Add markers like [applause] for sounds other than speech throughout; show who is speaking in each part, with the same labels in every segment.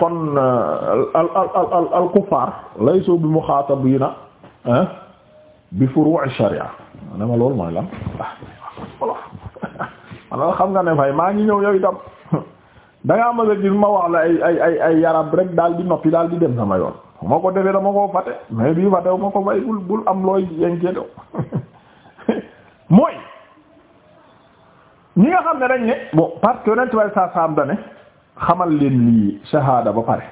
Speaker 1: kon euh, al al al kuffar laysu bi muxaatabiina bi furu'i sharia ne ma loolu mooy lan walla [laughs] xam nga ne fay maa ngi ñëw yow itam [laughs] dangaa mës a gis ma wax la ay ay ay ay rek daal di noppi daal di dem sama yoon moo ko defee dama koo fàtte mais bii fàtte ma ko fay bul bul am looy yenkeeto [laughs] mooy ñi nga xam ne dañ ne bon parce que yonent saa saam da xamal leen lii shahada ba pare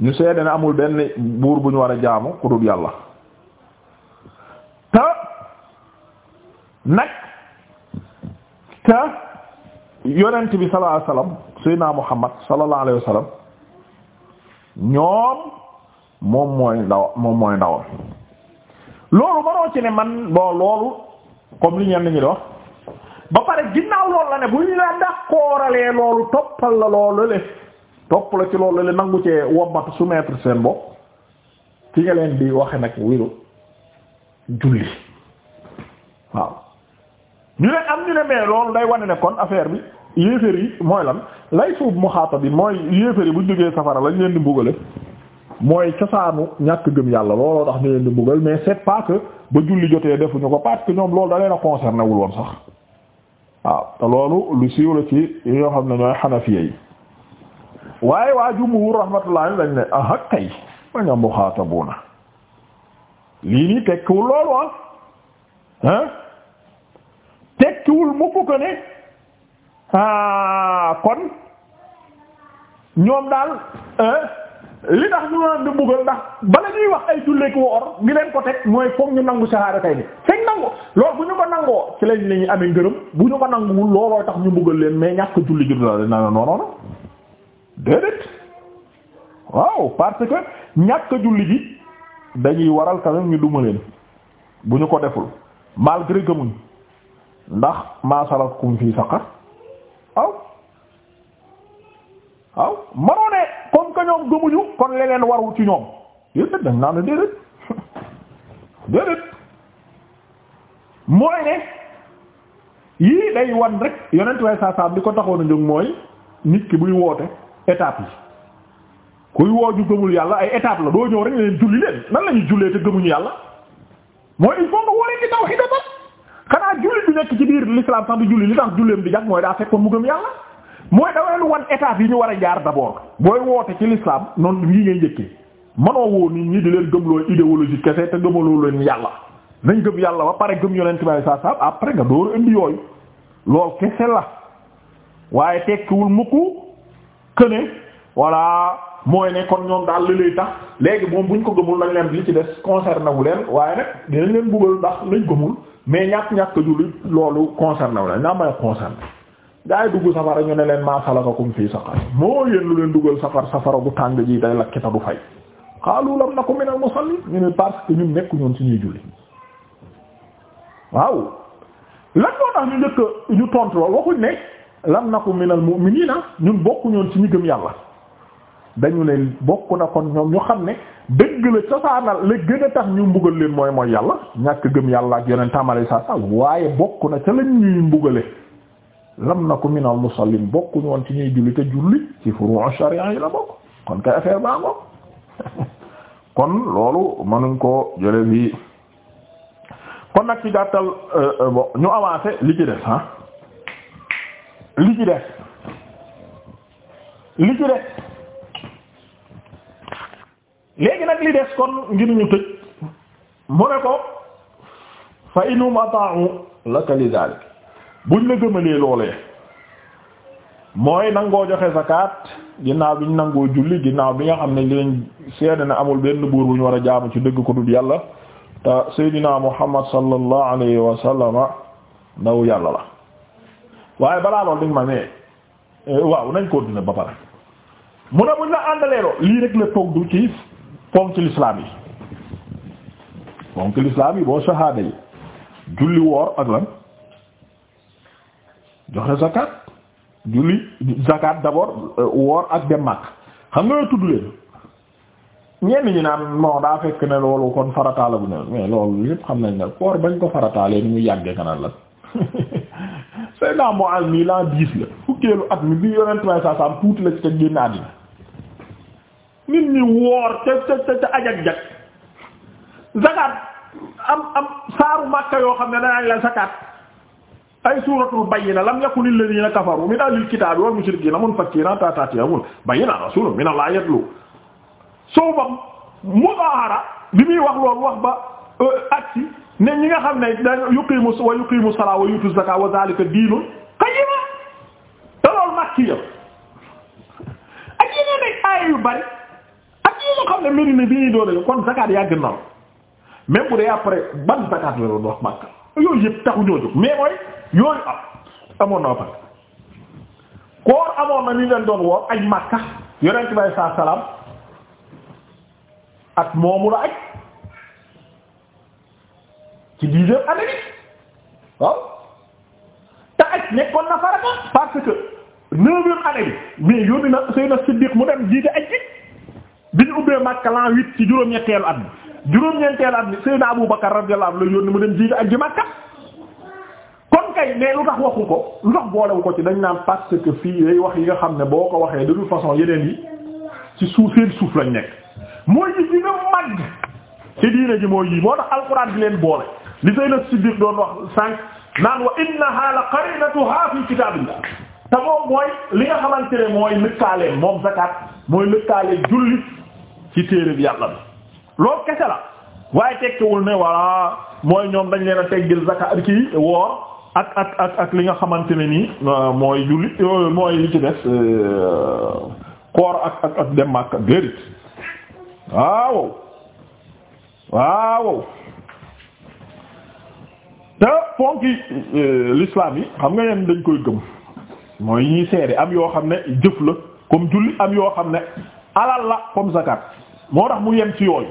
Speaker 1: ñu seede ne amul benn buur bu ñu war a jaamu ku yàlla te nag te yonent bi sallallahu alayhi wasallam sayyidina Muhammad sallallahu alayhi wasallam ñoom moom mooy ndaw moom mooy ndawam loolu manoo ci ne man bon loolu comme li ñenn ñi di wax ba pare ginnaaw loolu la ne bu ñu la dakkooralee loolu toppal la loolu le topp la ci loolu le nangu cee wommat soumettre seen bopp ci nga leen di waxe nag wiru julli waaw ñu ne am ñu ne mais loolu day wane ne kon affaire bi yéeféer yi mooy lan lay suub mu xaata bi mooy yéeféer yi bu jógee safara lañ leen di mbugale mooy cosaanu ñàkk gëm yàlla looloo tax ñu leen di mbugal mais c'est pas que ba julli jotee ñu ko parce que ñoom loolu d a concerné woon waaw te loolu lu siiw la yoo xam ne ñooy xanafiya yi waaye waa jumhur rahmatullahi dañ ne aha kay ma muxaatabuuna lii nii tekkiwul loolu ah ah tekkiwul mukk ko ne kon ñoom daal ah li tax ñu naan di buggal ndax bala ñuy wax ay julleek woor ngi leen ko te mooy foog ñu nangu saxaada tay bi fekk nangu loolu bu ñu ko nangoo ci lañ lañu amee ngërëm bu ñu ko nanguwul looloo tax ñu buggal leen mais ñàkk julli jur la na noonoona déedéet waaw parce que ñàkk julli ji dañuy waral quand ñu duma leen bu ñu ko deful malgré gëmuñ ndax ma salakakum fii saqar waaw waaw manoone comme que ñoom gëmuñu kon leneen waru ci ñoom déedéet dañ naan déedéet [laughs] déedéet mooy ne yii day wan rek yonent way saa saam li ko taxoon a jóg mooy nit ki buy woote étape yi kuy woo ju gëmul yàlla ay étape la doo ñëw rek leen julli leen nan la ñuy jullee te gëmuñu yàlla mooy il faut nga woo leen di tawhid xanaa julli bi nekk ci biir l'islam sax di julli li tax julleem di jag mooy daa fekkoon mu gëm yàlla. mooy dawal wan étape yi ñu war a jaar d'abord booy woote ci listaam noonu lii ngay njëkkee manoo woo nit ñi di leen gëmloo idéologie kese te gëmaloo leen yàlla nañ gëm yàlla ba pare gëm yonent bi saa saa après nga door indi yooyu lool kese la waaye tekkiwul mukk que ne voilà mooy ne kon ñoom daal li lay tax léegi moom buñ ko gëmul nañ leen bi ci des concerné wu leen waaye nag dinañ leen buggal ndax lañ gëmul mais ñàkk ñàkk jullit loolu concerné wu leen naa may concerné. gaa yi dugg safara ñu ne leen maa mu fii saqar moo yéen lu leen dugal safar safara bu tàng ji day lakki ta du fay xaalu lam ko minal musallin ñu ne parce que ñun nekku ñuy julli waaw lan moo tax ñu njëkk ñu tontu ñun bokku ci ñu gëm yàlla dañu ne bokk na kon ñoom ñu xam ne dëgg la cosaanal la gën a tax ñu mbugal leen mooy mooy yàlla ñàkk gëm yàlla ak yeneen tàmbali saa sa waaye bokk na ca lañ ñuy mbugale lam naku min al musallin bokkuñu woon ci ñuy julli te julli ci furu' sharia yi la bokk kon kay affaire baa ngoog [laughs] kon loolu mënuñ koo jële fii kon nag ci gàttal euh, euh, bon ñu avancé li ci des ah li ci des léegi nag li des kon ngir ñu tëj mu ne ko fa inum ata'u laka li dalik buñ la gëmalee loolee mooy nangoo joxe zakat ginnaaw bi ñu nangoo julli ginnaaw bi nga xam ne liñ seede ne amul benn buur bu ñu war a jaamu ci dëgg ko dul yàlla te seydinaa muhammad sallallahu alayhi wa sallama yàlla la waaye balaa dañ ma ne eh, waaw nañ ko ne buñ la lii rek la toog du ci ponk l'islam yi ponk l'islam yi boo shahaada yi julli woor ak lan joxe zakat julli zakat d'abord euh, woor ak dem Makka xam nga tudd leen ñenn ñi naan moo daa fekk ne loolu kon farataala bu ne mais loolu lépp xam nañ ne koor ko farataalee mu yàggee kanaan la [laughs] say naa moo am nii laa diis la fukkeelu at mi bi yonent may saa saam tuuti la ci teg génn àddina nit ñi woor ca ca ca ca ajak jak zakat am am saaru Makka yoo xam ne danaa la zakat ay suuratul bayyina lam yakun alladhina kafaru min ahlil kitaabi wal mushrikiina munfakkina taataati amul bayyina rasulun min allah yatlu soo ba mudahara bi muy wax loolu wax ba euh, aksi ne ñi nga xam ne da yu bari ak yi nga xam ne Medina bi ñuy doon kon zakat yaa gën na la même bu dee après ban zakat la doon wax Makka yooyu yëpp taxu ñoo jóg mais mooy yooyu am ah, amoon na ba pare koor amoon na ni leen doon woor aj Makka yonent bi alay saa salaam at moomu la aj ci dixième année bi waaw te aj nekkoon na farata parce que neuvième bi na Seydina Siddiq mu dem jiite aj bi bi ñu ubbee Makka l'an huit ci juróom-ñetteelu at bi juróom-ñetteelu at bi Seydina Abu Bakar radiyallahu anhu la yónni mu dem jiite aj bi Makka kay mais lu tax waxu ko lu tax boolewu ko ci dañ naan parce que fii day wax yi nga xam ne boo ko waxee de toute façon yeneen yi ci suuf seen suuf lañ nekk mooy yi yi moo tax alxuraan bi leen boole li say na Siddiq doon wax sànq naan wa innaha la qarinatuha fi kitaabillah te moom mooy li nga xamante ne mooy lëkkaaleen moom zakat mooy lëkkaaleen julli ci téere yàlla bi loolu kese la waaye tekkiwul ne walla mooy ñoom dañ leen a teggil zakat ki woor ak ak ak li nga xamante ne nii euh, mooy julli mooy li ci des euh, koor ak ak ak dem Makka déedéet waaw waaw te ponki euh, l'islam yi xam nga yeen dañ koy gëm mooy ñuy seede am yoo xam ne jëf la comme julli am yoo xam ne alal la comme zakat moo tax mu yem ci yooyu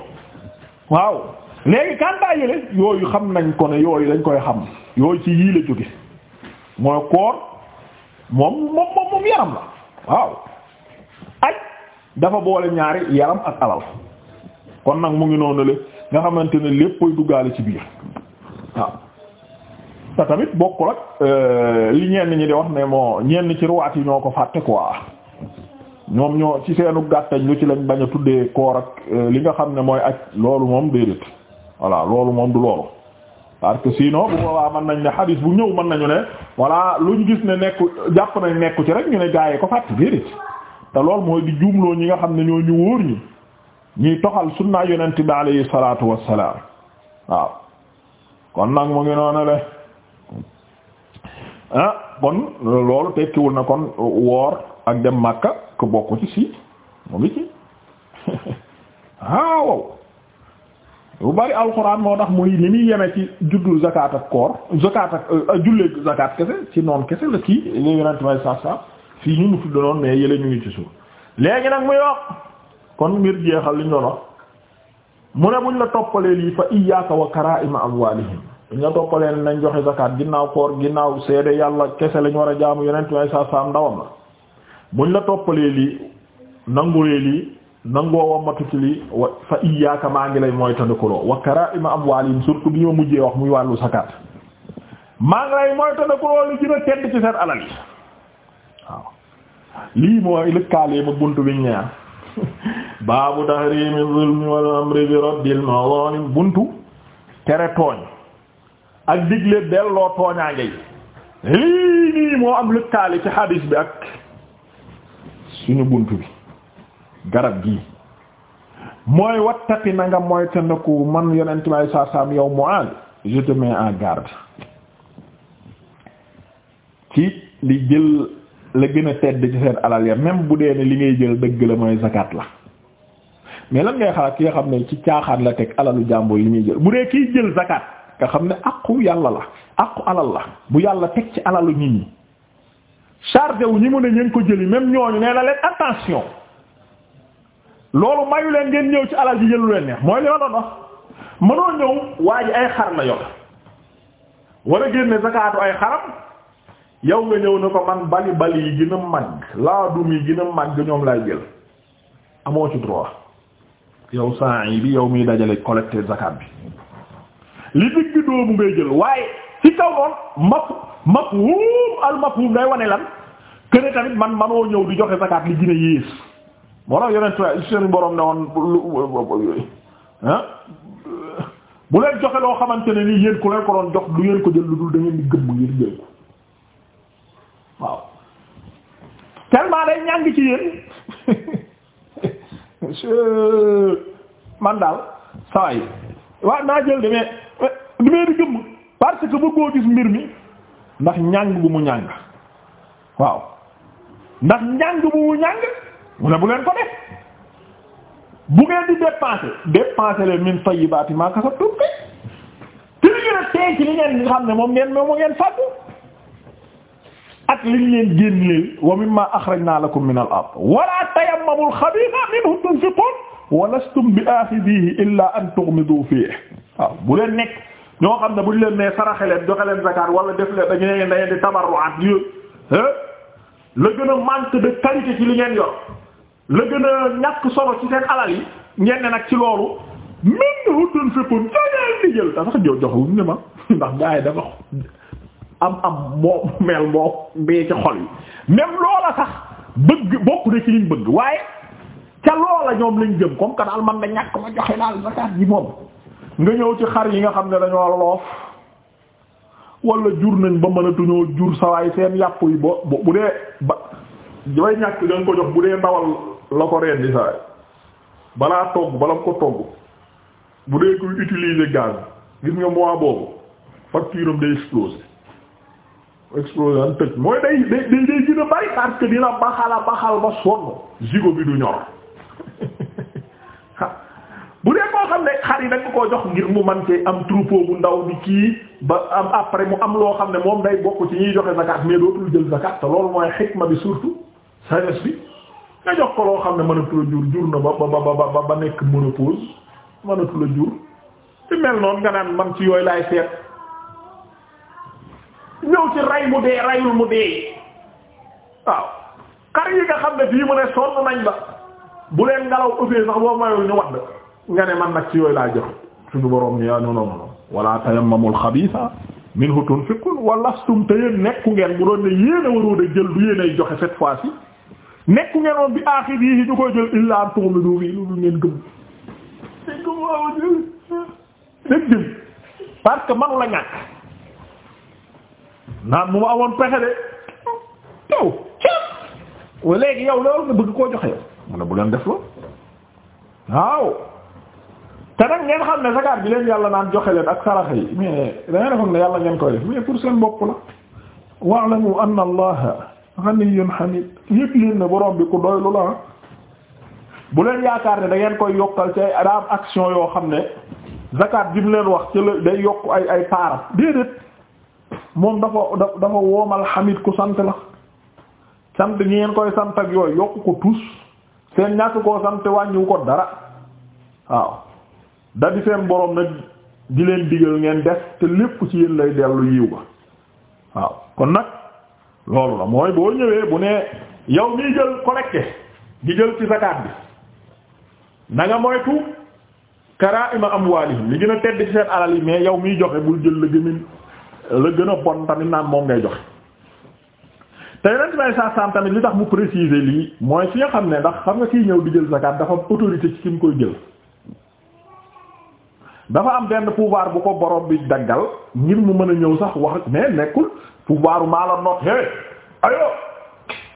Speaker 1: waaw léegi kantaa yële yooyu xam nañ ko ne yooyu dañ koy xam yooyu ci yii la jóge mooy koor moom moom moom moom yaram la waaw aj dafa boole ñaari yaram ak alal kon nag mu ngi noonu le nga xamante ne léppay duggaale ci biir waaw te tamit bokk ak euh, li ñenn ñi di wax ne moo ñenn ci ruwaat yi ñoo ko fàtte quoi ñoom ñoo ci seenu gàttañ lu ci lañ bañ a tuddee koor ak euh, li nga xam ne mooy aj loolu moom déedéet voilà loolu moom du loolu parce que sinon bu boobaa mën nañ ne xadis bu ñëw mën nañu ne voilà lu ñu gis ne nekku jàpp nañ nekku ci rek ñu ne gaayee ko fàtte déedéet te loolu mooy di juumloo ñi nga xam ne ñoo ñu wóor ñi ñuy toxal sunnaa yonent bi alayhi salaatu wassalaam waaw kon nag mu ngi noonu le ah kon loolu tekkiwul na kon woor ak dem Makka ko bokk ci si mu ngi ci [laughs] ah, waaw bu bari alxuraan moo tax muy li muy yeme ci juddu zakat ak koor zakat ak euh, euh, jullee zakat kese ci noonu kese la kii li yonent may saaf fii ñu nu tudd noonu mais yële ñu ngi ci léegi nag muy wax kon ngir jeexal li ñu mu ne buñ la toppalee lii fa iyyaka wa karaa'ima amwaalihim buñ la toppalee nañ joxe zakat ginnaaw koor ginnaaw seede yàlla kese lañ war a jaamu yonent may saaf saaf ndawam la buñ la toppalee lii nangulee lii nangoo wammatu ci lii wa fa iyyaka maa ngi lay mooy tandikuloo wa karaa'ima amwaalihim surtout bi ñu mujjee wax muy wàllu zakat maa ngi lay mooy tandikuloo li gën a tedd ci seen alal yi waaw lii mooy lëkkaalee ma buntu bi ñaar ah. [laughs] baabu tahrimi zulmi wal amri bi raddil mazalim buntu tere tooñ ak digle delloo tooñaa ngay lii moo am lëkkaale ci hadis bi ak suñu buntu bi garab gii mooy wattaqi na nga moytandiku man yonent may saa saam yow Mu'aaz je te en garde ci li jël la gën a tedd ci seen alal ya même bu dee ne li ngay jël dëgg la mooy zakat la mais lan ngay xalaat ki nga xam ne ci caaxaan la teg alalu jàmbur yi muy jël bu dee kiy jël zakat nga xam ne aqu yàlla la aqu alal la bu yàlla teg ci alalu nit ñi chargé wu ñi mun a ñeen ko jëli même ñooñu nee na leen attention loolu mayu leen ngeen ñëw ci alal bi jëlu leen neex mooy li ma doon wax mënoo ñëw waa ji ay xar la yor wala génne zakaatu ay xaram yow nga ñëw ne ko man bali bali yi gën a màgg laadum yi gën a màgg ñoom laay jël amoo ci droit yow saa yi bi yow miy dajale collecté zakat bi li digg doomu ngay jël waaye ci kaw noonu maf mafhum al day wane lan kene tamit man manoo ñëw di joxe zakat li gën a yées moo tax yeneen tubaab seen borom ne woon ah, bu leen joxe loo xamante ne nii yéen ku leen ko doon jox du ngeen ko jël lu dul da ngeen di gëm ngeen jël ko waaw day ñàng ci yéen [laughs] man daal saa waaw naa jël demee eh, demee di gëm parce que bëggoo gis mbir mi ndax ñàng bu mu ñàng waaw ndax ñàng bu mu ñàng. mu ne bu leen ko def bu ngeen di dépenser dépenser leen min tayyibati ma kasabtum te li ngeen ci li ngeen xam ne moom ngeen moom ngeen fàggu ak li ñu leen génneel wa mimma akhrajna lakum min al-ard wala tayammamul khabitha minhu tunfiqun wa lastum bi akhidhihi illa an tughmidu fihi waaw bu leen nekk ñoo xam ne bu leen nee saraxe leen joxe wala def leen dañu ne dañu di tabarru'at yooyu la gën a manque de qualité ci li ngeen yor. la gën a ñàkk solo ci seen alal yi ngeen ne nag ci loolu mën na wutoon féppoon jaay di jël dafa jox joxewuñ ne ma ndax gars yi dafa am am moo mel moo mbee ci xol yi même loola sax bëgg bokk na ci liñ bëgg waaye ca loola ñoom lañ jëm comme que daal man na ñàkk ma joxe daal zakat ji moom nga ñëw ci xar yi nga xam ne dañoo loof wala jur nañ ba mënatuñoo jur sawaay seen yàpp yi bo bu dee ba way ñàkk da nga ko jox bu dee ndawal la ko reen di saa balaa togg bala ko togg bu dee kuy utiliser gaz gis nga mois boobu facture am day exploser exploser am tëj mooy day day day gën a bari parce que dina baxala baxal ba sonn zigo bi du ñor [laughs] bu dee koo xam ne xar yi dañ koo jox ngir mu man ci am troupeau bu ndaw bi kii ba am après mu am loo xam ne moom day bokk ci ñuy joxe zakat mais dootul jël zakat te loolu mooy xikma bi surtout sagesse bi nga jox ko loo xam ne mënatu la jur jur na ba ba ba ba nekk ménopause mënatu la jur ci mel noonu nga naan man ci yooy laay seet ñëw ci ray mu dee rayul mu dee waaw xar yi nga xam ne fii mu ne sonn nañ ba bu leen ngelaw ëppee sax boo mayoo ñu de nga ne man nag ci yooyu laa jox suñu borom ni yaa non non non wala tayammamul xabiisa minhu tunfiqun wa lastum te yéen nekku ngeen bu doon ne yéen a waroo de jël du yéen ay joxe cette fois yi nekku ngeen woon bi aaxir yi ñu koy jël illa am toog mi doom yi ngeen gëm dëgg jël parce que manu la ñàkk naan mu ma amoon pexe de yow cëp léegi yow bëgg koo joxe yow mu bu leen def loolu waaw te nag ngeen xam ne zakaat bi leen yàlla naan joxe leen ak saraxa yi mais dangeen defoon ne yàlla ngeen koy def mais pour seen bopp la wa'lamu anna allaha ghaniyyun hamid yëpp leen ne borom bi ku doylu la bu leen yaakaar ne da ngeen koy yokkal ci ay am action yoo xam ne zakat jim leen wax ci la day yokk ay ay paaram déedéet moom dafa dafa woomal hamid ku sant la sant ñi ngeen koy sant ak yooyu yokk ko tus seen ñàkk koo sant wàññiwu ko dara waaw da di seen borom nag di leen digal ngeen def te lépp ci yéen lay dellu yiw ba waaw kon nag loolu la mooy boo ñëwee bu ne yow mii jël collecté di jël ci zakat bi na nga moytu karaa'ima amwaalihim li gën a tedd ci seen alal yi mais yow miy joxe bul jël la a la gën a bon tamit naan moom ngay joxe te yonent bi saa saam tamit li tax mu préciser lii mooy fi nga xam ne ndax xam nga kiy ñëw di jël zakat dafa am autorité ci ki mu koy jël dafa am benn pouvoir bu ko borom bi daggal ngir mu mën a ñëw sax wax mais nekkul pouvoir maa la noot hé ayo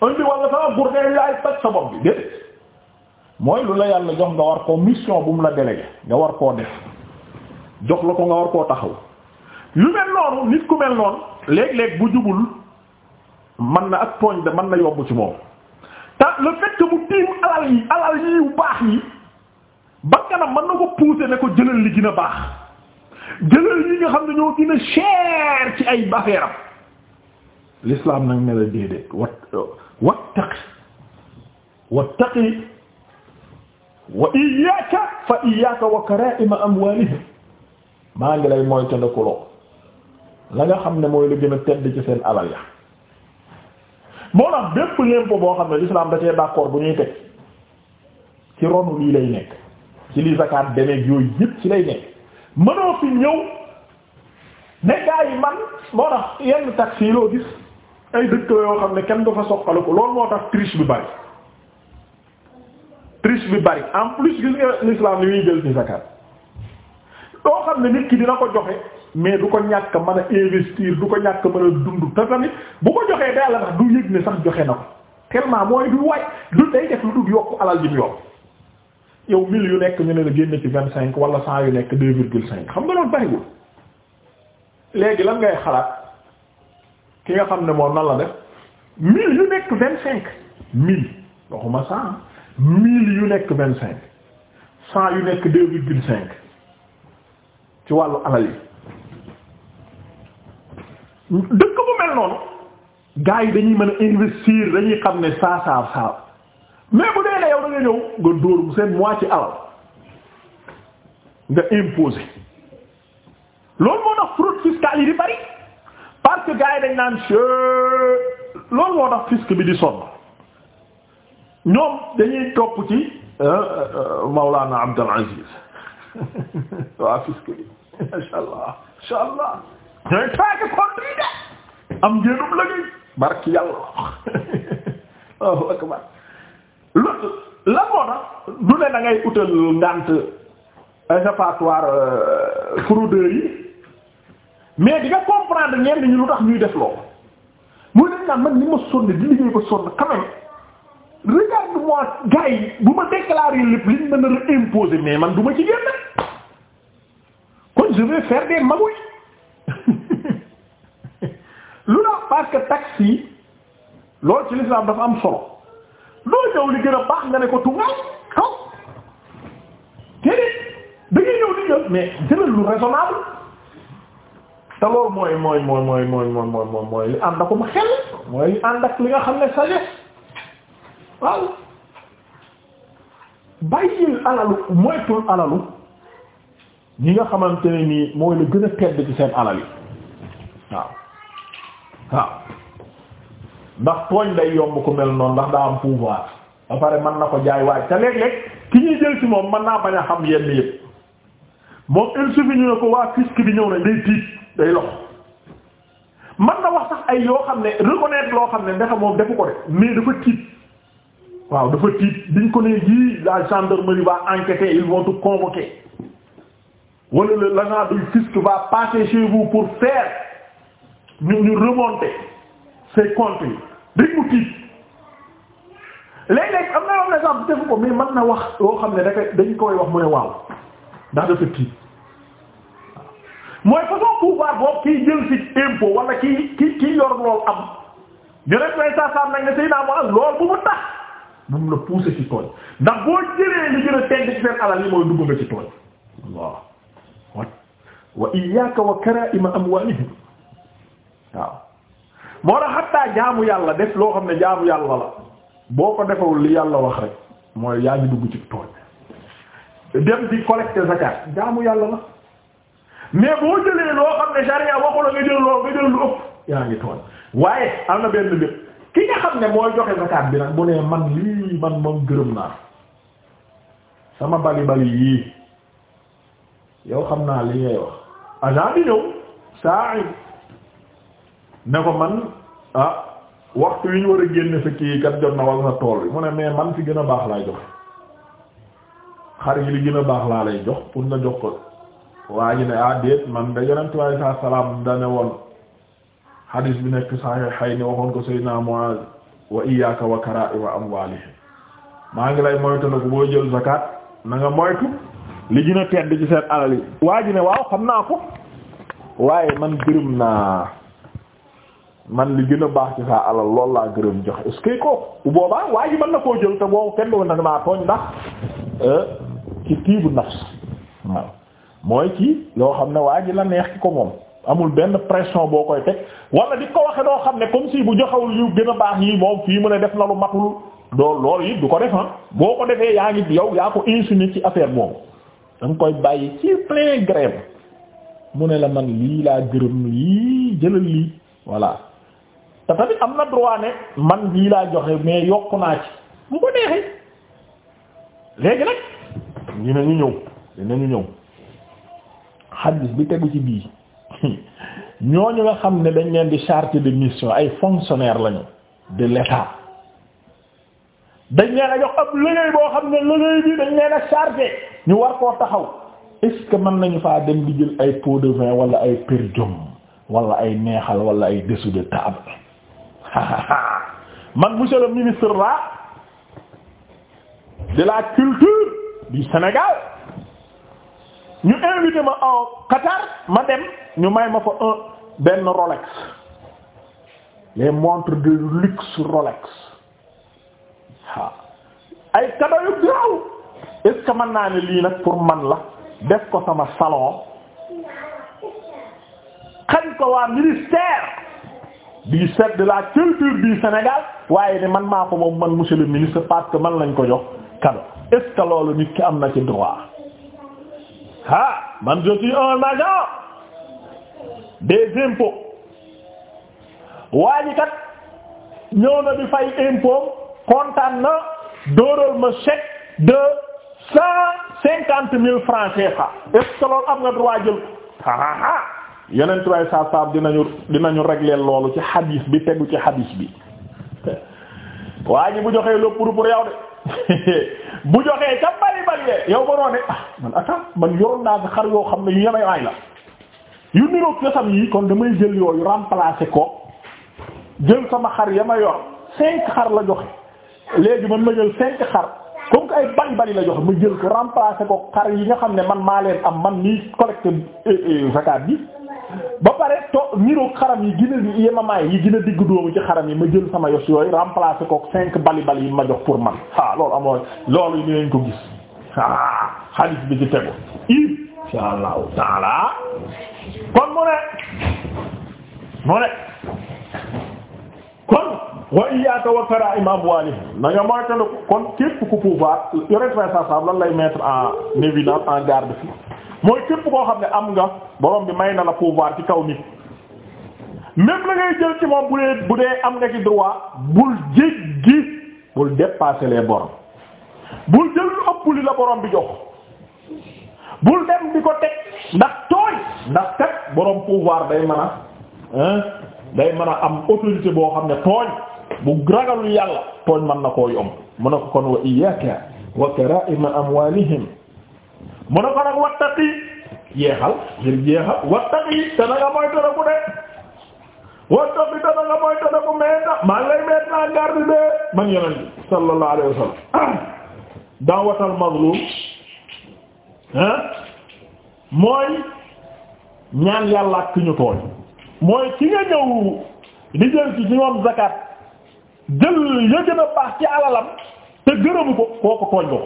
Speaker 1: indi walla sama gurdee yaay toj sa bopp bi déedéet mooy lu la yàlla jox nga war koo mission bu mu la délégué nga war koo def jox la ko nga war koo taxaw lu mel noonu nit ku mel noonu léeg-léeg bu jubul man na ak tooñ de man na yobbu ci moom te le fait que mu tiim alal yi alal yi yu baax yi ba kanam mën na ko pousser ne ko jëlal li gën a baax jëlal yi nga xam ne ñoo gën cher ci ay affaire l'islam nag ne la déedéet wat wattaqi wattaqi wa iyyaka fa iyyaka wa kara'ima amwalihim maa ngi lay mooy te ndakuloo la nga xam ne mooy la gën a tedd ci seen alal ya moo tax bépp l'impôt boo xam ne l'islam da cee d'accord bu ñuy teg ci ronu lii lay nekk ci li zakat demeeg yooyu yëpp ci lay nekk mënoo fi ñëw ne yi man moo tax yenn taxes yi loo gis ay dëkk yoo xam ne kenn du fa soqalu ko loolu moo tax triche bi bari triche bi bari en plus gis nga l'islam li muy jël ci zakat loo xam ne nit ki dina ko joxe mais du ko ñàkk mën a investir du ko ñàkk mën a dund te tamit bu ko joxee day la tax du yëg ne sax joxe na ko tellement mooy du waay du day def lu dul yokk alal ji mu yokk yow mille yu nekk ñu ne la génne ci vingt cinq wala cent yu nekk deux virgule cinq xam nga loolu bariwul léegi lan ngay xalaat ki nga xam ne moom nan la def mille yu nekk vingt cinq mille waxuma cent mille yu nekk vingt cinq cent yu nekk deux virgule cinq ci wàllu alal yi dëkk bu mel noonu gars yi dañuy mën a investir dañuy xam ne saa saa saa mais bu dee ne yow da nga nga dóor seen mois ci alal nga imposer loolu moo tax fraude fiscale yi di bari parce que gars yi dañ naan che loolu moo tax fisc bi di sonn ñoom dañuy topp ci euh, euh, Mawlana Abdul Aziz [laughs] waa fisc bi masha Allah masha Allah ñooy taagi compte yi de am ngeenum lëgëy barki yàlla [laughs] Allahu akbar lu moo tax du ne da utal ngànt échappatoire euh, fraudeurs yi mais di nga comprendre ñenn ñi lu tax ñuy def loo mooy dañ naan man ni ma sonn di liggéey ba sonn quand même regarde-moi gars yi bu ma déclarer lépp liñ mën a imposer mais man du ma ci génn kon je vais faire des magouilles [laughs] lu la parce que taxes yi loolu ci l'islam dafa am solo loo ñëw li gën a baax nga ne ko tu xaw te ni da ñëw di ñëw mais lu raisonnable te loolu mooy mooy mooy mooy mooy mooy mooy li ànd akum xel mooy li ànd ak li nga xam ne sagesse waaw bàyyil alalu moytul alalu ñi nga xamante ne nii mooy la gën a tedd ci seen alal yi waaw waaw ndax tooñ day yomb ko mel noonu ndax daa am pouvoir ba pare mën na ko jaay waaj te léeg-léeg ki ñuy jël ci moom mën naa bañ a xam yenn yëpp moom il suffit ñu ne ko waa fisc bi ñëw na day tiit. day lox man na wax sax ay yoo xam ne reconnaître loo xam ne ndax moom defu ko de mais dafa tiit waaw dafa tiit biñ ko ne yii la gendarmerie va enquêter ils vont te convoquer wala l'agent du fisc va passer chez vous pour faire ñu ñu remonter ces comptes yi dañ mu tiit léeg-léeg am na yoo xam ne sax defu ko mais man na wax loo xam ne dafa dañ koy wax mu ne waaw ndax dafa tiit mooy façon pouvoir boobu kiy jël ci impôt wala ki ki yor lool am ñu rek may saa saam nag ne Seydina Mu'adh lool bu mu tax bu mu la pousser ci tooñ ndax boo jëlee li gën a tedd ci seen alal yi mooy dugg nga ci tooñ waaw wa wa iyyaka wa kara'ima amwalihim waaw moo tax xattaa jaamu yàlla def loo xam ne jaamu yàlla la boo ko defewul li yàlla wax rek mooy yaa ngi dugg ci tooñ dem di collecter zakat jaamu yàlla la mais boo jëlee loo xam ne sharia waxu nga jël loo nga jël lu yaa ngi toon waaye am na benn mbir ki nga xam ne mooy joxe zakat bi nag bu nee man lii man moom gërëm naa sama bali bali yii yow xam naa li ngay wax agent bi ñëw saa ne ko man ah waxtu wi ñu war a génn sa kii kat jot na wal sa tool bi mu ne mais man fi gën a baax laay joxe xar yi li gën a baax laa lay jox pour nga jox ko waa ji ne ah déet man da yonent bi alayhi salaam da ne woon hadis bi nekk Sahihayni waxoon ko Seydina Muaz wa iyyaaka wa karaa'iba amwaalihim maa ngi lay moytu nag boo jël zakat na moytu li gën a tedd ci seen alal yi. waa ji ne waaw xam naa ko waaye man gërëm naa man li gën a baax ci saa alal loolu laa gërëm jox est-ce que ko bu boobaa waa ji na koo jël te boobu kenn du ko tooñ ndax eh, ci tiibu nafs mooy ci loo xam ne waa ji la neex ki ko moom amul benn pression boo koy teg wala di ko waxe doo xam ne comme si bu joxewul yu gën a baax yi moom fii mu ne def na lu matul loolu loolu it du ko def ah. boo ko defee yaa ngi yow yaa ko insinué ci affaire boobu da koy bàyyi ci plein gré mu ne la man lii laa gërëm lii jëlal lii voilà te tamit am na droit ne man lii laa joxe mais yokk naa ci mu ko neexee léegi nag dinañu ñëw dinañu ñëw. xadis bi tegu ci bii [laughs] ñooñu nga xam ne dañ leen di chargé de mission ay fonctionnaires lañu de l'État dañ leen a jox ab liggéey boo xam ne liggéey bi dañ leen a chargé ñu war koo taxaw est-ce que mën nañu faa dem di jël ay pot de vin wala ay perjum wala ay neexal wala ay dessous de table [laughs] man monsieur ministre la de la culture du Sénégal ñu invité ma au Qatar ma dem ñu may ma fa un benn Rolex les montres de luxe Rolex ay cadeau yu gaaw est-ce naa ni lii nag pour man la def ko sama salon xañ ko waa ministère du chef de la culture du Sénégal waaye ne man maa ko moom man monsieur le ministre parce que man lañ ko jox cadeau est loolu nit ki am na ci droit ah man je suis un agent des impôts waa kat ñëw na di fay impôt kontaan na dóoral ma chèque de cent cinquante mille francs CFA est loolu am nga droit jël ko aa yeneen tubaay sa sab dinañu dinañu régler loolu ci hadis bi tegu ci hadis bi [laughs] waa bu joxee lépp pour pour yow de [laughs] bu joxee ca bari bari de yow ko noonu ah man attends man yoroon naa fi xar yoo xam ne yu yemay ay la yu niroog yosam yi kon damay jël yooyu remplacer ko jël sama xar ya ma yor cinq xar la joxe léegi man ma jël cinq xar comme que ay bari bari la joxe ma jël ko remplacer ko xar yi nga xam ne man maa leen am man nii collecte euh, euh, zakat bi ba pare to niroog xaram yi gën a yemamaay yi gën digg doomu ci xaram yi ma jël sama yos yooyu remplacer ko cinq bali bali yi ma jox pour man ah loolu amoo loolu ni lañ ko gis ah hadith bi ci tegu insha allahu taala kon mu ne mu ne kon wa iyyaka wa kara'im amwalihim na nga moytandiku kon képp ku pouvoir yore sa sa lan lay mettre en évidence en garde fii mooy képp koo xam ne am nga borom bi may na la pouvoir ci kaw nit même la ngay jël ci moom bu dee bu dee am nga ci droit bul jéggi bul dépasser les bul jël lu ëpp li la borom bi jox bul dem di ko teg ndax tooy ndax teg borom pouvoir day mën a hein day mën a am autorité boo xam ne tooñ bu ragalul yàlla tooñ mën na koo yomb mën a ko kon wa iyyaka wa kara'im amwalihim mu ne ko nag wattaqi jeexal ngir jeexal wattaqi te na nga moy de wattaqi te na nga moy tëdda ku maa ngi meet naa garde de man yonent bi sallallahu alayhi wa sallam da'watal mazlum ah mooy ñaan yàlla ki ñu tooñ mooy ki nga ñëw di jël ci ñoom zakat jël ya gën baax ci alalam te gërëmu ko kooku tooñ ko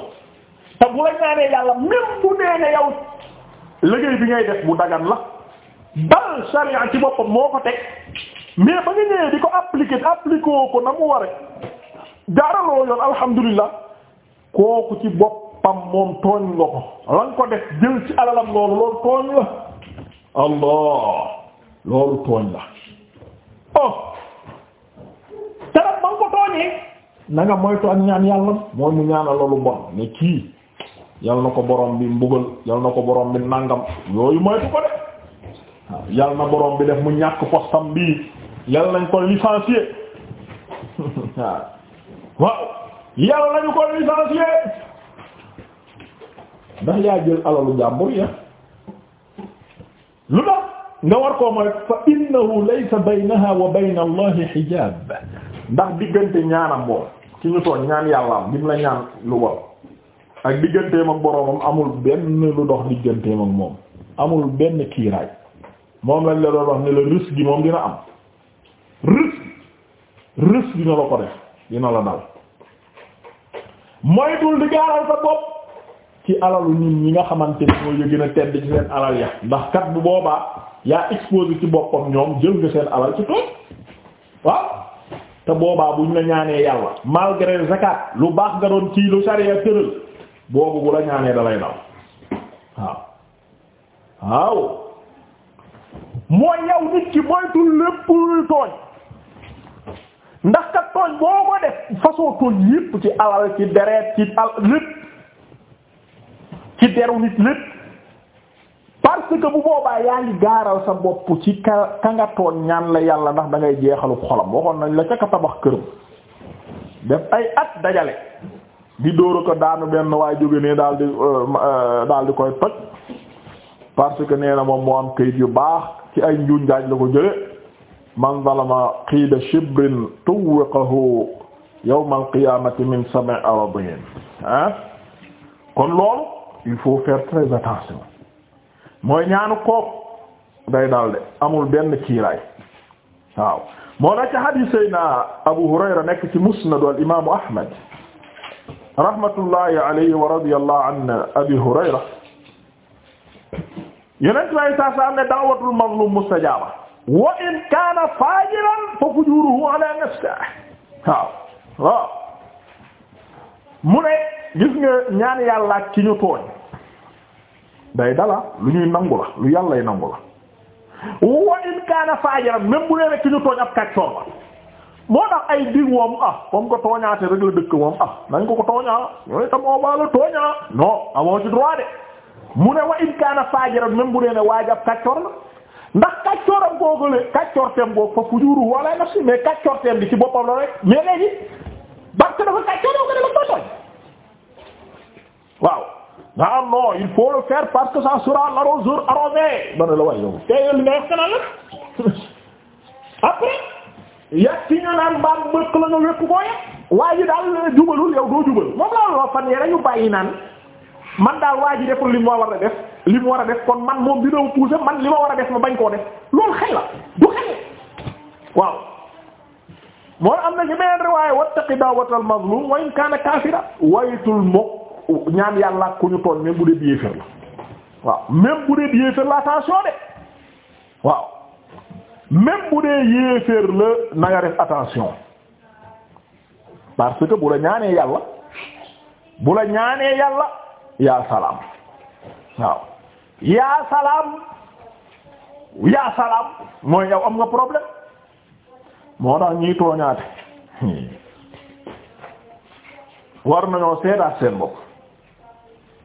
Speaker 1: te bu la ñaanee yàlla même bu nee ne yow liggéey bi ngay def bu dagan la bal sharia ci boppam moo ko teg mais ba nga ñëwee di ko appliquer appliquer ko na mu ware jaaraloo yoon alhamdulillah kooku ci boppam moom tooñ nga ko lan ko def jël ci alalam loolu loolu tooñ la allah loolu tooñ la oh tarab ba nga ko tooñee na nga moytu ak ñaan yàlla mooy mu ñaanal loolu bon ne kii yal na ko borom bi mbugal yal na ko borom bi nangam yooyu moytu ko de yal na boroom bi def mu ñàkk postam bii yal nañ ko licencier [laughs] waaw waaw yal nañu ko licencier ndax yaa jël alalu jàmbur ya lu tax nga war koo mooy fa innahu laysa baynaha wa bayna allahi hijab ndax diggante ñaanam boobu ci ñu tooñ ñaan yàlla am la ñaan lu war ak digganteem ak boroomam amul benn lu dox digganteem ak moom amul benn kiiraay moom lañ la doon wax ne la risque gi moom dina am risque risque dina la ko def dina la dal moytul di gaaral sa bopp ci alalu nit ñi nga xamante ni mooy gën a tedd ci seen alal ya ndax kat bu boobaa yaa exposé ci boppam ñoom jël nga seen alal ci tool waaw te boobaa buñ la ñaanee yàlla malgré zakat lu baax nga doon ci lu sariya tëral boobu bu la ñaanee da lay naw waaw waaw mooy yow nit ki moytu lépp tooñ ndax kat tooñ boo ko def façon tooñ yépp ci alal ci deret ci al lépp ci deru nit lépp parce que bu boobaa yaa ngi gaaral sa bopp ci ka ka nga tooñ ñaan la yàlla ndax da ngay jeexalu xolam waxoon nañ la ca ka tabax këram def ay at dajale di dóora ko daanu benn waaye jóge nii daal di euh, euh, daal di koy toj parce que nee na moom moo am kayit yu baax ci ay njuuñ njaaj la ko jële man zalama qiida shibrin tuwwiqahu yawm al qiyamati min sab'i aradin ah kon loolu il faut faire très attention mooy ñaanu koop day daal de amul benn kiiraay waaw moo na ci hadith sayna Abu Hurayra nekk ci musnad al imaamu Ahmad rahmatullahi alayhi wa radiyallahu an abi hurayra yonent lay saa saa ne da'watul mazlum mustajaaba wa in kaana faajiran fa fujuruhu ala nafsihi waaw waaw mu ne gis nga ñaan yàlla ak ci ñu tooñ day dala lu ñuy nangu la lu yàllay nangu la wa in kaana faajiran même bu nee rek ci ñu tooñ ab kàccoor moo tax ay dig moom ah comme ko tooñaate rek la dëkk moom ah nañ ko ko tooñaa yooyu tam moo baa tooñaa non amoo ci de mu ne wa in kaana faajiran même bu nee waaj ab kàccor la ndax kàccoram googale kàccorteem goog fa fujuuru wala naf si mais kàccorteem bi ci boppam la rek mais léegi parce que dafa kàccor yow nga dafa ko tooñ waaw ah non il faut le faire parce la way yow te li nga wax kana la [laughs] après yàgg ci ñu naan baal bëkk la nga wékk koo yàq waa daal jubalul yow doo jubal moom laa la fan yee dañu bàyyi naan man daal waa ji deful lim mu war a def li war a def kon man moom dina poussé man li ma war a def ma bañ koo def loolu xel la du xel waaw. moo am na ci beneen riwaaya wattaqi da'watal mazlum wa in kaana kaafira waytul mokk ñaan yàlla ku ñu tooñ même bu dee yéefar la waaw même bu dee yéefar la attention de waaw. même bu dee yéeféer la na nga def attention parce que bu la ñaanee yàlla bu la ñaanee yàlla yaa salaam waaw yaa salaam yaa salaam mooy yow am nga problème moo tax ñuy tooñaate war nañoo seetaat seen bopp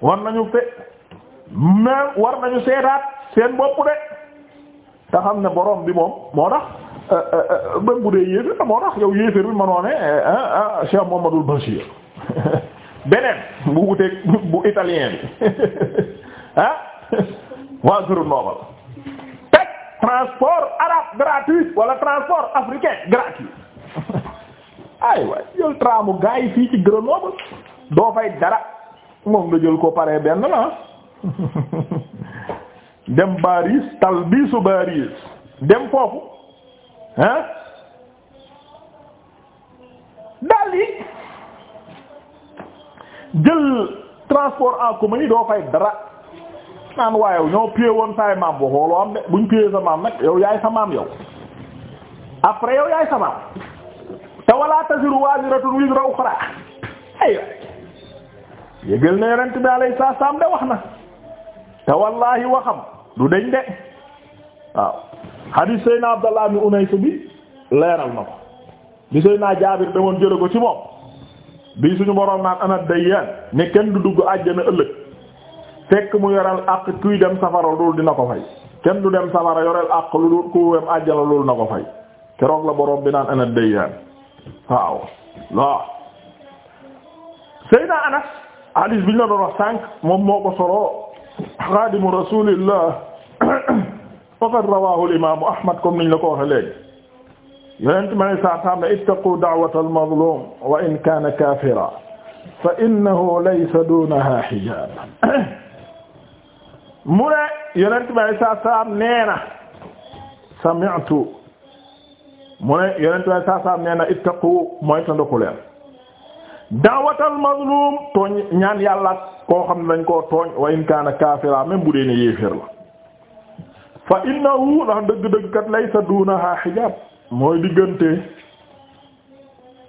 Speaker 1: war nañu fe mais war nañu seetaat seen bopp de te xam na borom bi moom moo tax euh, euh, euh, même bu dee yéeféer moo tax yow yéeféer bi mënoo ne ah ah Cheikh Mouhamadoul Bachir [laughs] beneen bu wuteeg bu italien bi [laughs] ah waa Grenoble teg transport arabe gratuit wala transport africain gratuit [laughs] ay waay jël tramu gars yi fii ci Grenoble doo fay dara moom nga jël ko pare benn la dem Paris talbisu Paris dem foofu ah daal yi jël transport en commun doo fay dara naan waaye ñoo piyee woon saay maam boo xooloo am de buñ piyee sa maam nag yow yaay sa maam yow après yow yaay sa maam te wala taziru waziratun wizra ukhra aywa yëgal na yonent bi alayhi salaam de wax na te wallahi waxam du deñ de waaw hadis Seydina Abdallah ibn Unays bi leeral na ko bi Seydina Jaabir demoon jële ko ci moom bi suñu boroom naan ana dayyaan ne kenn du dugg àjjana ëllëg fekk mu yoreel àq kuy dem safara dina ko fay kenn du dem safara yoreel àq lu dul ku ko fay keroog la boroom bi naan ana dayyaan waaw waaw Seydina Anas hadis bi ñu la doon wax moom moo ko solo xaadimu rasulillah [coughs] faqad rawahu al-imaamu Ahmad comme niñ la ko waxee léegi yonent ma ne saa saam ne ittaqu da'wata al-mazlum wa in kaana kaafira fa innahu laysa duunaha hijaab [coughs] mu ne yonent ma ne saa saam nee na sami'tu mu ne yonent ma ne saa saam nee na ittaqu mooy tandaku leen daawatal mazlum tooñ ñaan yàlla koo xam ne dañ koo tooñ wa in kaana kaafira bu dee ne yéeféer la fa innahu ndax dëgg-dëgg kat laysa duunaha xijaab mooy diggante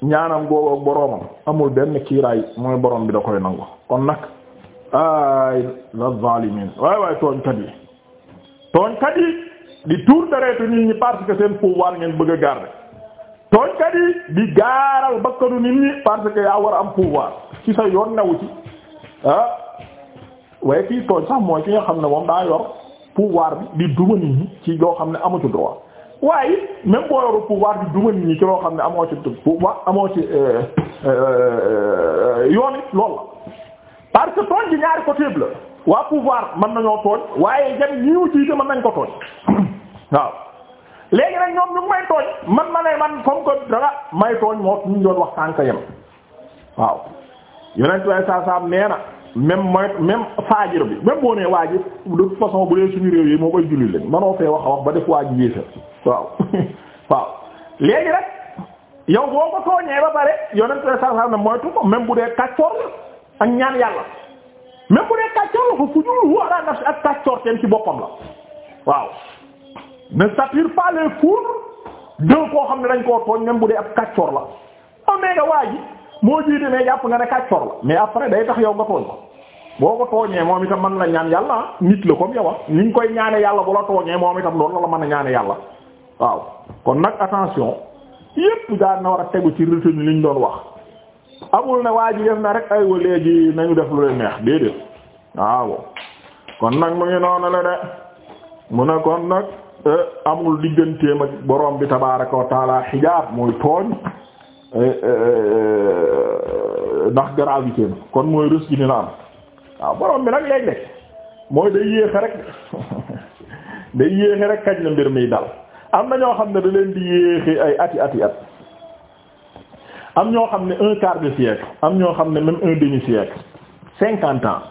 Speaker 1: ñaanam googu boroomam amul benn kiiraay mooy boroom bi da koy nangu kon nag ay la zalimin waay waay tooñkat yi tooñkat yi di tuur deretu nit ñi parce que seen pouvoir ngeen bëgg a tooñkat yi di gaaral bakkanu nit ñi parce que yaa war a am pouvoir ci sa yoon newu ci ah. waaye kii tooñ sax mooy ki nga xam ne moom daa yor pouvoir bi di duma nit ñi ci loo xam ne amu ci waaye même boo yoru pouvoir di ci loo xam ne amoo ci pouvoir amoo ci euh, euh, euh, yoon it loolu la parce que tooñ ci ñaari côté la waa pouvoir mën nañoo tooñ waaye jam ñiw jiite mën nañ ko tooñ [coughs] waaw léegi nag ñoom ñu may tooñ man ma ne man comme que dara may tooñ moo ñu doon wax sànk yem waaw yonent way saa saam même mooy même faajir bi même boo nee waa de toute façon bu dee suñu réew yi moo koy julli lañ manoo fee wax a wax ba def waa ji waaw [laughs] waaw léegi nag yow boo ko tooñee ba pare yonent way ne moytu ko même bu dee kàccoor la ak ñaan yàlla même bu dee kàccoor la ko fu ñuul wara naf si ak kàccoor teen ci boppam la waaw ne satire pas les foudres de koo xam ne dañ ko tooñ même bu dee ab kàccoor la oh, am nee nga waa ji moo jiite mais jàpp nga ne kàccoor la mais après day tax yow nga tooñ ko boo ko tooñee moom itam mën la ñaan yàlla nit la comme yow ah. ni ñu koy ñaane yàlla bu la tooñee moom itam loolu la mën a ñaane yàlla waaw kon nag attention yépp daan na war tegu ci retenu li ñu doon wax amul ne waa ji def na rek ay aywa léegi nañu def lu neex déedéet waaw kon nag mu na noonu la ne Eh, amul digganteem ak boroom bi tabaaraka wa taala xijaab mooy tooñ eh, eh, ndax gravité kon mooy risque dina am waaw borom bi nag léeg-léeg mooy day yéexe rek [laughs] day yéexe rek kañ la mbir mi dal am na ñoo xam ne da leen di yéexe ay ati ati at am ñoo xam ne un quart de siècle am ñoo xam ne même un demi siècle cinquante ans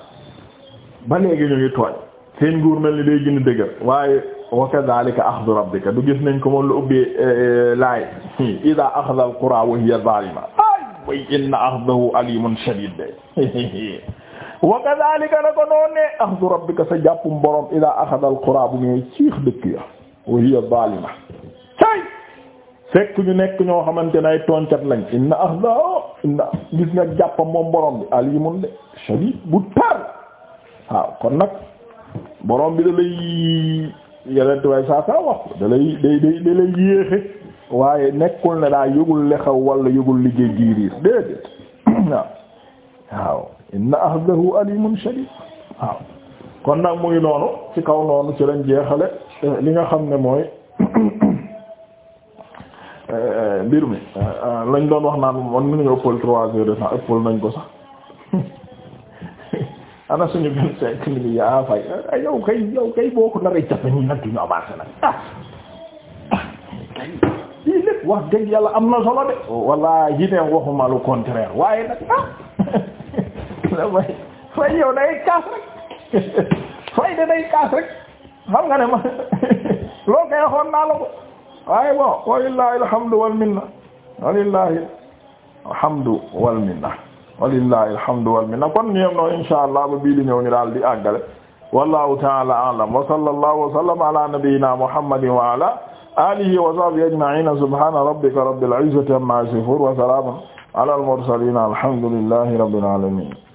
Speaker 1: ba léegi ñu ngi tooñ seen nguur mel ni day gën dëgër waaye wa kadhalika akhdhu du gis nañ ko moom lu ubbi eh, laay [laughs] idha akhadha al-qura wa hiya zalima ay way inna akhdahu alimun shadid [laughs] wa kadhalika na ko noon ne akhdhu rabbika sa jàppum borom idha akhadha al-qura bu ngay ciix dëkk ya wa hiya zalima tay fekk ñu nekk ñoo xamante nay toncat lañ inna akhdahu inna gis nga jàppam moom borom bi alimun de shadid bu tar waaw kon nag borom bi da yeneen way saa saa wax da lay day day da yéexe waaye nekkul ne daa yëgul li xaw wala yëgul liggéey giiriis déedéet [clears throat] waaw waaw inna ahdahu alimun shadid waaw kon nag muy noonu ci kaw noonu ci lañ jeexale eh, li nga xam ne mooy [clears throat] eh, mbir mi eh, lañ doon wax naan man nu ñu ëppal trois heures de temps ëppal nañ ko sax ana suñu vingt cinq mille yaa fay ah, yow kay yow kay boo ko naree jafe ñu nag duñu avancé nag ah, ah lépp wax dëgg yàlla am na solo de walla yi ne waxuma lu contraire waaye nag ah damay [laughs] fay yow day kaas rek [laughs] fay de day kaas rek xam nga ne ma [laughs] loo koy waxoon naa la ko waaye bon walillahi alhamdu wal minna alhamdu wal walillahi alhamdu wal minna kon ñoom noonu insha allah ba bii di ñëw ñu daal di àggale wallahu ta'ala a'lam wa sallallahu wa sallama ala nabiyyina muhammadin wa ala alihi wa sahbihi ajma'ina subhana rabbika rabbil izzati amma yasifun wa salamun ala al mursalin alhamdulillahi rabbil alamin